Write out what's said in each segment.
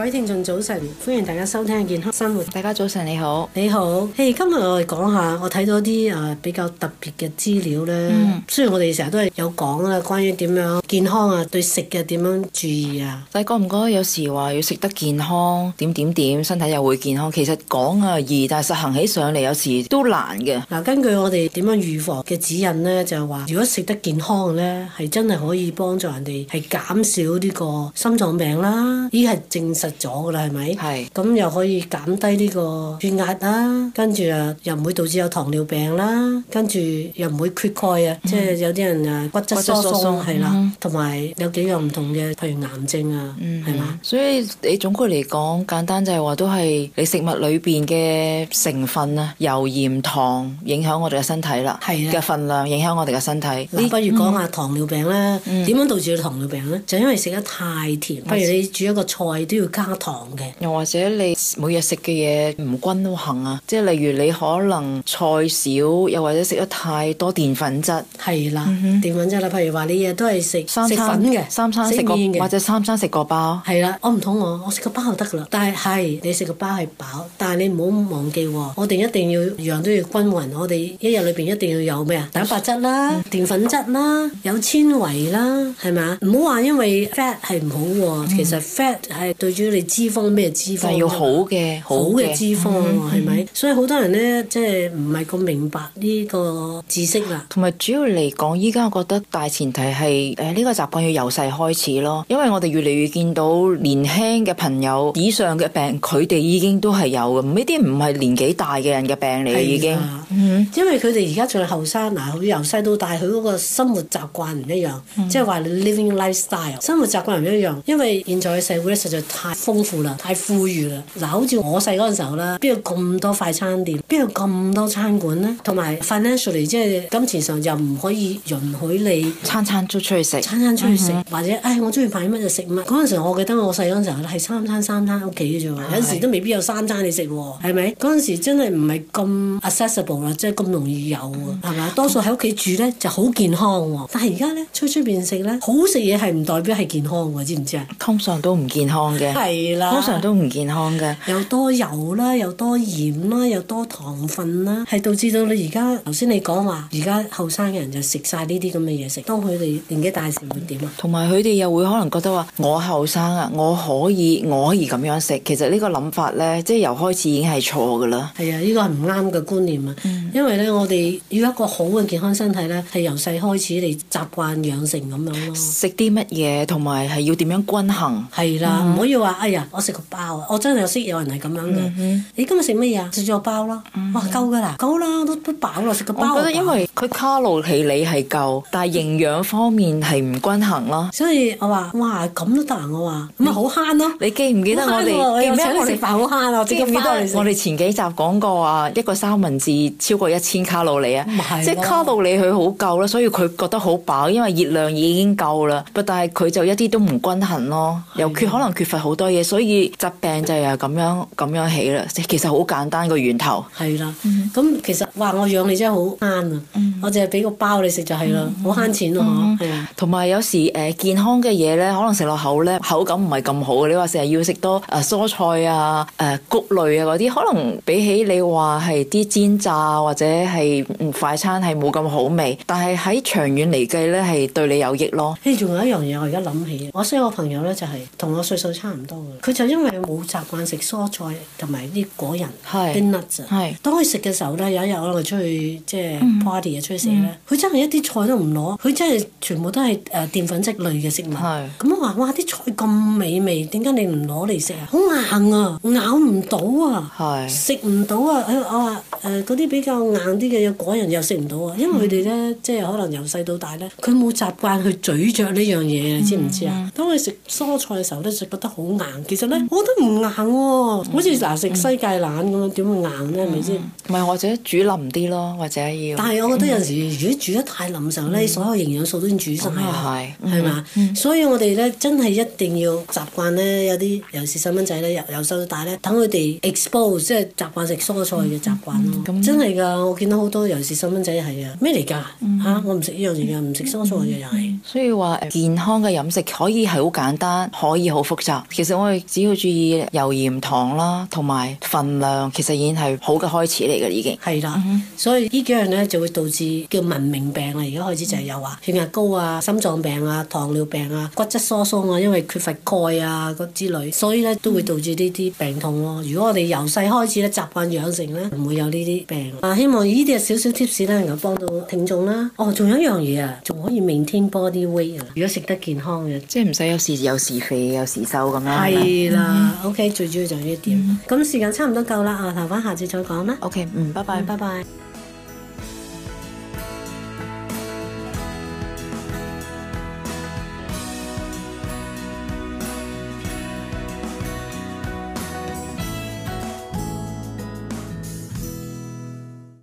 各位聽眾早晨，歡迎大家收聽健康生活。大家早晨，你好，你好。嘿、hey,，今日我哋講下，我睇到啲誒、呃、比較特別嘅資料咧、嗯。雖然我哋成日都係有講啦，關於點樣健康啊，對食嘅點樣注意啊。但係覺唔覺得有時話要食得健康，點點點，身體又會健康？其實講啊易，但係實行起上嚟有時都難嘅。嗱，根據我哋點樣預防嘅指引咧，就係話如果食得健康咧，係真係可以幫助人哋係減少呢個心臟病啦。依係證實咗噶啦，係咪？係。咁又可以減低呢個血壓啦、啊，跟住啊又唔會導致有糖尿病、啊啊嗯嗯梭梭梭嗯、啦，跟住又唔會缺鈣啊，即係有啲人啊骨質疏鬆係啦，同埋有幾樣唔同嘅，譬如癌症啊，係、嗯、嘛？所以你總括嚟講，簡單就係話都係你食物裏邊嘅成分啊，油鹽糖影響我哋嘅身體啦，係嘅分量影響我哋嘅身體。你、嗯、不如講下糖尿病啦，點、嗯、樣導致糖尿病咧、嗯？就因為食得太甜。不如你煮一個菜都要。加糖嘅，又或者你每日食嘅嘢唔均衡啊，即係例如你可能菜少，又或者食得太多澱粉質，係啦，澱、嗯、粉質啦，譬如話你日都係食三餐粉嘅，三餐食麵嘅，或者三餐食個包，係啦，我唔肚餓，我食個包就得噶啦。但係係你食個包係飽，但係你唔好忘記，我哋一定要樣都要均匀，我哋一日裏邊一定要有咩啊？蛋白質啦，澱、嗯、粉質啦，有纖維啦，係咪啊，唔好話因為 fat 係唔好、嗯，其實 fat 係對。主要你脂肪咩脂肪？要好嘅好嘅脂肪，係咪 mm -hmm.？所以好多人咧，即係唔係咁明白呢個知識啦。同埋主要嚟講，依家我覺得大前提係誒呢個習慣要由細開始咯。因為我哋越嚟越見到年輕嘅朋友以上嘅病，佢哋已經都係有嘅。呢啲唔係年紀大嘅人嘅病嚟，嘅已經，mm -hmm. 因為佢哋而家仲係後生嗱，佢由細到大佢嗰個生活習慣唔一樣，mm -hmm. 即係話你 living lifestyle 生活習慣唔一樣，因為現在嘅社會咧，實在太～太豐富喇，太富裕喇。嗱，好似我細嗰時候啦，邊有咁多快餐店，邊有咁多餐館呢？同埋 financially 即係金錢上又唔可以允許你餐餐都出去食，餐餐出去食，嗯，或者誒，哎，我鍾意買乜就食乜。嗰陣時候我記得我細嗰時候係三餐，三餐屋企嘅，有陣時都未必有三餐你食喎，係咪？嗰陣時真係唔係咁 accessible 啦，即係咁容易有，係咪？多數喺屋企住呢就好健康。但係而家咧，出出面食咧，好食嘢係唔代表係健康，知唔知？通常都唔健康嘅。係啦，通常都唔健康噶，又多油啦，又多鹽啦，又多糖分啦，係導致到你而家頭先你講話，而家後生嘅人就食晒呢啲咁嘅嘢食，當佢哋年紀大時會點啊？同埋佢哋又會可能覺得話，我後生啊，我可以我可以咁樣食，其實這個呢個諗法咧，即係由開始已經係錯噶啦。係啊，呢個係唔啱嘅觀念啊，嗯、因為咧，我哋要一個好嘅健康身體咧，係由細開始你習慣養成咁樣咯、啊。食啲乜嘢同埋係要點樣均衡？係啦，唔可以話。哎呀，我食個包啊！我真係有識有人係咁樣嘅。你、mm -hmm. 今日食乜嘢啊？食咗個包咯，mm -hmm. 哇，夠噶啦，夠啦，都都飽咯。食個包啊。我覺得因為佢卡路里係夠，但係營養方面係唔均衡咯。所以，我話，哇，咁都得我話，咁啊，好慳咯。你記唔記得我哋、啊？我請你食飯好慳啊！記記我哋前幾集講過啊，一個三文治超過一千卡路里啊，即係卡路里佢好夠啦，所以佢覺得好飽，因為熱量已經夠啦。不，但係佢就一啲都唔均衡咯，又缺可能缺乏好多。多嘢，所以疾病就係咁樣咁樣起啦。其實好簡單個源頭。係啦，咁、嗯、其實話我養你真係好慳啊、嗯！我淨係俾個包你食就係啦，好、嗯、慳錢咯。同、嗯、埋有，有時誒、呃、健康嘅嘢咧，可能食落口咧口感唔係咁好嘅。你話成日要食多誒、啊、蔬菜啊、誒、啊、穀類啊嗰啲，可能比起你話係啲煎炸或者係快餐係冇咁好味，但係喺長遠嚟計咧係對你有益咯。跟住仲有一樣嘢我而家諗起，我識我朋友咧就係同我歲數差唔。佢就因為冇習慣食蔬菜同埋啲果仁 nuts 當佢食嘅時候咧，有一日我哋出去即係、嗯、party 啊，出去食咧，佢、嗯、真係一啲菜都唔攞，佢真係全部都係誒澱粉質類嘅食物。咁我話：哇，啲菜咁美味，點解你唔攞嚟食啊？好硬啊，咬唔到啊，食唔到啊！佢我話誒嗰啲比較硬啲嘅果仁又食唔到啊，因為佢哋咧即係可能由細到大咧，佢冇習慣去咀嚼呢樣嘢你知唔知啊、嗯嗯？當佢食蔬菜嘅時候咧，就覺得好。其實咧，我覺得唔硬喎、哦，好似嗱食西芥蘭咁樣，點、嗯、會硬咧？係咪先？唔係，或者煮腍啲咯，或者要。但係我覺得有時、嗯、如果煮得太腍嘅時候咧、嗯，所有營養素都先煮晒。啊、嗯，係係嘛？所以我哋咧真係一定要習慣咧，有啲尤其是細蚊仔咧，由由細到大咧，等佢哋 expose，即係習慣食蔬菜嘅習慣咯。咁、嗯嗯、真係㗎，我見到好多尤其是細蚊仔係、嗯、啊，咩嚟㗎？吓、嗯？我唔食呢樣嘢，唔食蔬菜嘅又係。所以話健康嘅飲食可以係好簡單，可以好複雜。其實我哋只要注意油鹽糖啦，同埋份量，其實已經係好嘅開始嚟嘅。已經係啦，所以呢幾樣咧就會導致叫文明病啦。而家開始就係有話、啊、血壓高啊、心臟病啊、糖尿病啊、骨質疏鬆啊，因為缺乏鈣啊嗰之類，所以咧都會導致呢啲病痛咯、啊嗯。如果我哋由細開始咧習慣養成咧，唔會有呢啲病啊。啊，希望這些小小呢啲啊少少 tips 咧能夠幫到聽眾啦。哦，仲有一樣嘢啊，仲可以 maintain body weight 啊，如果食得健康嘅，即係唔使有時有時肥有時瘦咁係啦、mm -hmm.，OK，最主要就呢一點。咁、mm -hmm. 時間差唔多夠啦啊，頭髮下次再講啦。OK，嗯，拜拜，拜拜。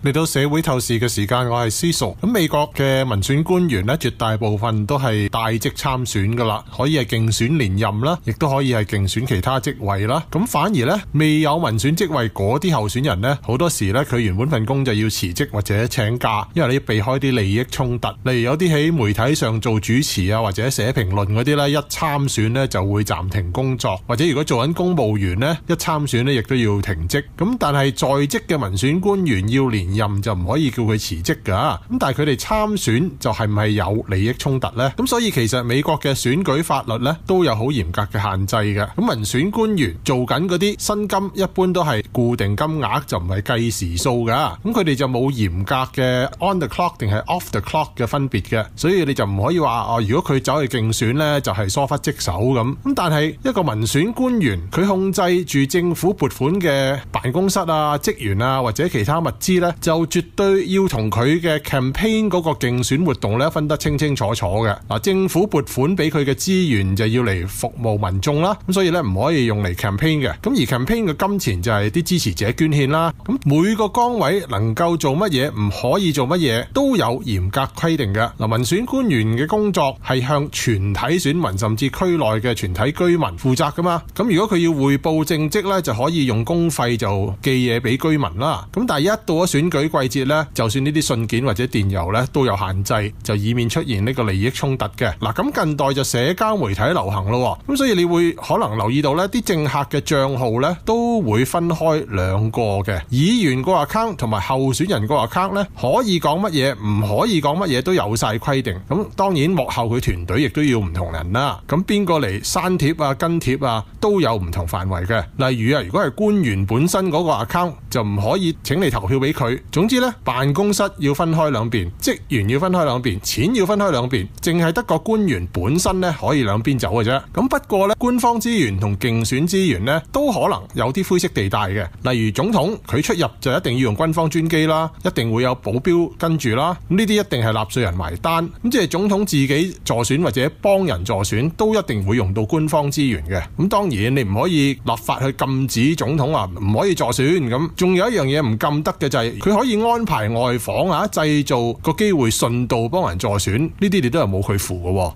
嚟到社會透視嘅時間，我係思熟。咁美國嘅民選官員呢，絕大部分都係帶職參選噶啦，可以係競選連任啦，亦都可以係競選其他職位啦。咁反而呢，未有民選職位嗰啲候選人呢，好多時呢，佢原本份工就要辭職或者請假，因為你要避開啲利益衝突。例如有啲喺媒體上做主持啊，或者寫評論嗰啲呢，一參選呢就會暫停工作，或者如果做緊公務員呢，一參選呢亦都要停職。咁但係在職嘅民選官員要連。任就唔可以叫佢辭職㗎，咁但係佢哋參選就係唔係有利益衝突呢？咁所以其實美國嘅選舉法律咧都有好嚴格嘅限制嘅。咁民選官員做緊嗰啲薪金一般都係固定金額，就唔係計時數㗎、啊。咁佢哋就冇嚴格嘅 on the clock 定係 off the clock 嘅分別嘅。所以你就唔可以話哦，如果佢走去競選呢，就係、是、疏忽職守咁。咁但係一個民選官員，佢控制住政府撥款嘅辦公室啊、職員啊或者其他物資呢，就絕對要同佢嘅 campaign 嗰個競選活動咧分得清清楚楚嘅，嗱，政府撥款俾佢嘅資源就要嚟服務民眾啦，咁所以咧唔可以用嚟 campaign 嘅，咁而 campaign 嘅金錢就係啲支持者捐獻啦，咁每個崗位能夠做乜嘢唔可以做乜嘢都有嚴格規定嘅。嗱，民選官員嘅工作係向全體選民甚至區內嘅全體居民負責噶嘛，咁如果佢要匯報政績咧，就可以用公費就寄嘢俾居民啦，咁但係一到咗選選舉季節呢就算呢啲信件或者電郵呢都有限制，就以免出現呢個利益衝突嘅。嗱，咁近代就社交媒體流行咯，咁所以你會可能留意到呢啲政客嘅賬號呢都會分開兩個嘅，議員個 account 同埋候選人個 account 呢可以講乜嘢，唔可以講乜嘢都有晒規定。咁當然幕後佢團隊亦都要唔同人啦。咁邊個嚟刪帖啊、跟貼啊，都有唔同範圍嘅。例如啊，如果係官員本身嗰個 account 就唔可以請你投票俾佢。總之咧，辦公室要分開兩邊，職員要分開兩邊，錢要分開兩邊，淨係得個官員本身咧可以兩邊走嘅啫。咁不過咧，官方資源同競選資源咧都可能有啲灰色地帶嘅，例如總統佢出入就一定要用軍方專機啦，一定會有保鏢跟住啦。咁呢啲一定係納稅人埋單。咁即係總統自己助選或者幫人助選，都一定會用到官方資源嘅。咁當然你唔可以立法去禁止總統啊，唔可以助選。咁仲有一樣嘢唔禁得嘅就係，是。佢可以安排外訪啊，製造個機會順道幫人助選呢啲，你都係冇佢扶嘅。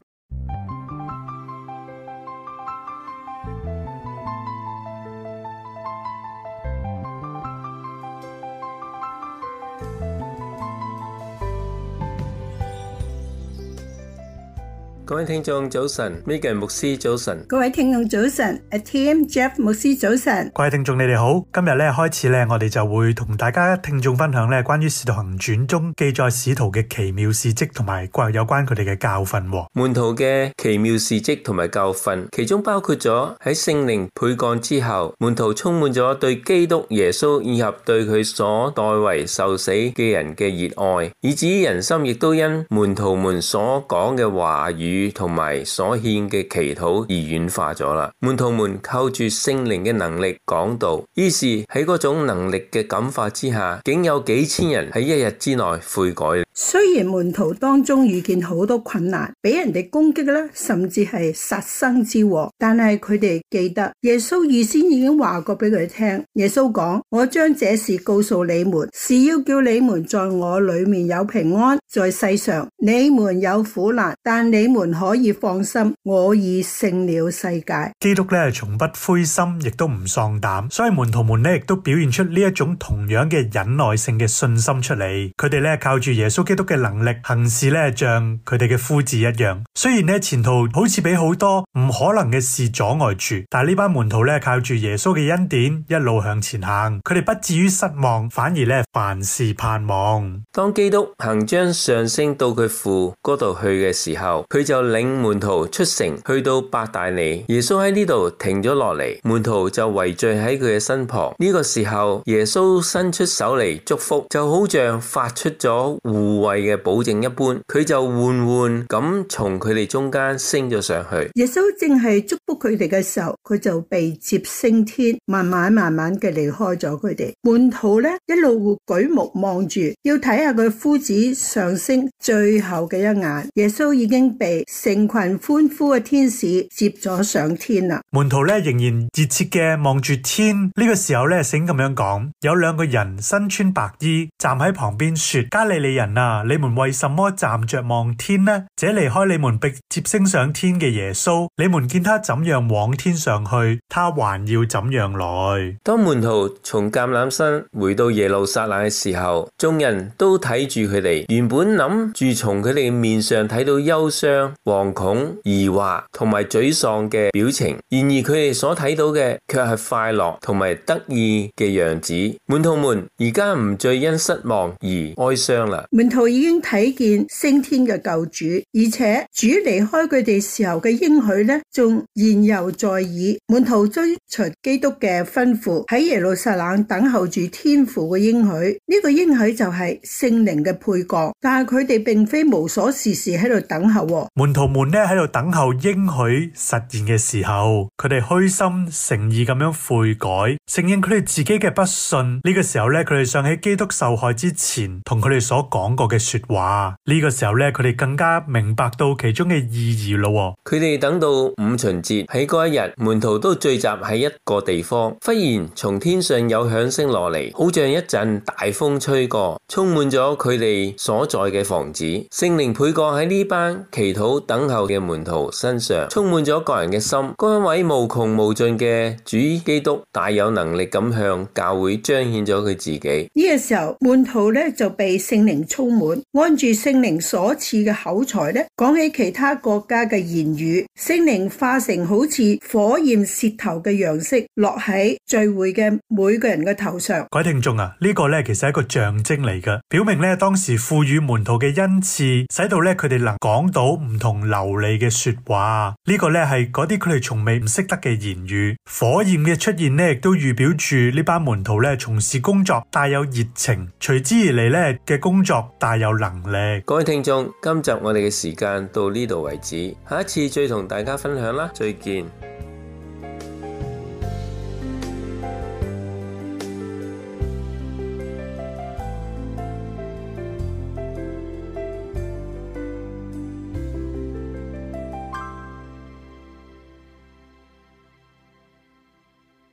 各位聽眾早晨，Megan 牧師早晨，各位聽眾早晨，ATM Jeff 牧師早晨，各位聽眾你哋好，今日咧開始咧，我哋就會同大家聽眾分享咧關於使徒行傳中記載使徒嘅奇妙事蹟同埋有關佢哋嘅教訓。門徒嘅奇妙事蹟同埋教訓，其中包括咗喺聖靈沛降之後，門徒充滿咗對基督耶穌以及對佢所代為受死嘅人嘅熱愛，以至於人心亦都因門徒們所講嘅話語。同埋所獻嘅祈禱而軟化咗啦。門徒們靠住聖靈嘅能力講道，於是喺嗰種能力嘅感化之下，竟有幾千人喺一日之內悔改。雖然門徒當中遇見好多困難，俾人哋攻擊啦，甚至係殺生之禍，但係佢哋記得耶穌預先已經話過俾佢聽。耶穌講：我將這事告訴你們，是要叫你們在我裡面有平安。在世上你們有苦難，但你們們可以放心，我已勝了世界。基督咧，從不灰心，亦都唔喪膽，所以門徒們呢，亦都表現出呢一種同樣嘅忍耐性嘅信心出嚟。佢哋咧，靠住耶穌基督嘅能力行事咧，像佢哋嘅夫子一樣。雖然呢，前途好似俾好多唔可能嘅事阻礙住，但係呢班門徒咧靠住耶穌嘅恩典一路向前行，佢哋不至於失望，反而咧凡事盼望。當基督行將上升到佢父嗰度去嘅時候，佢就。就領門徒出城，去到伯大尼，耶穌喺呢度停咗落嚟，門徒就圍聚喺佢嘅身旁。呢個時候，耶穌伸出手嚟祝福，就好像發出咗護衛嘅保證一般。佢就緩緩咁從佢哋中間升咗上去。耶穌正係祝福佢哋嘅時候，佢就被接升天，慢慢慢慢嘅離開咗佢哋。門徒咧一路舉目望住，要睇下佢夫子上升最後嘅一眼。耶穌已經被。成群歡呼嘅天使接咗上天啦，門徒咧仍然熱切嘅望住天，呢個時候咧醒咁樣講：有兩個人身穿白衣站喺旁邊，說：加利利人啊，你們為什麼站着望天呢？這離開你們被接升上天嘅耶穌，你們見他怎樣往天上去，他還要怎樣來？當門徒從橄欖山回到耶路撒冷嘅時候，眾人都睇住佢哋，原本諗住從佢哋面上睇到憂傷。惶恐、疑惑同埋沮喪嘅表情，然而佢哋所睇到嘅卻係快樂同埋得意嘅樣子。門徒們而家唔再因失望而哀傷啦。門徒已經睇見升天嘅救主，而且主離開佢哋時候嘅應許呢，仲言猶在耳。門徒追隨基督嘅吩咐，喺耶路撒冷等候住天父嘅應許。呢個應許就係聖靈嘅沛降，但係佢哋並非無所事事喺度等候。門徒們咧喺度等候應許實現嘅時候，佢哋虛心誠意咁樣悔改，承認佢哋自己嘅不信。呢個時候咧，佢哋想喺基督受害之前同佢哋所講過嘅說話。呢個時候咧，佢哋更加明白到其中嘅意義咯。佢哋等到五旬節，喺嗰一日，門徒都聚集喺一個地方。忽然從天上有響聲落嚟，好像一陣大風吹過，充滿咗佢哋所在嘅房子。聖靈沛降喺呢班祈禱。等候嘅門徒身上充滿咗個人嘅心，嗰一位無窮無盡嘅主基督大有能力咁向教會彰顯咗佢自己。呢個時候門徒咧就被聖靈充滿，按住聖靈所賜嘅口才咧講起其他國家嘅言語。聖靈化成好似火焰舌頭嘅樣式，落喺聚會嘅每個人嘅頭上。各位聽眾啊，呢個咧其實係一個象徵嚟㗎，表明咧當時賦予門徒嘅恩賜，使到咧佢哋能講到唔。同流利嘅說話，呢個呢係嗰啲佢哋從未唔識得嘅言語。火焰嘅出現呢，亦都預表住呢班門徒呢從事工作帶有熱情，隨之而嚟，呢嘅工作帶有能力。各位聽眾，今集我哋嘅時間到呢度為止，下一次再同大家分享啦，再見。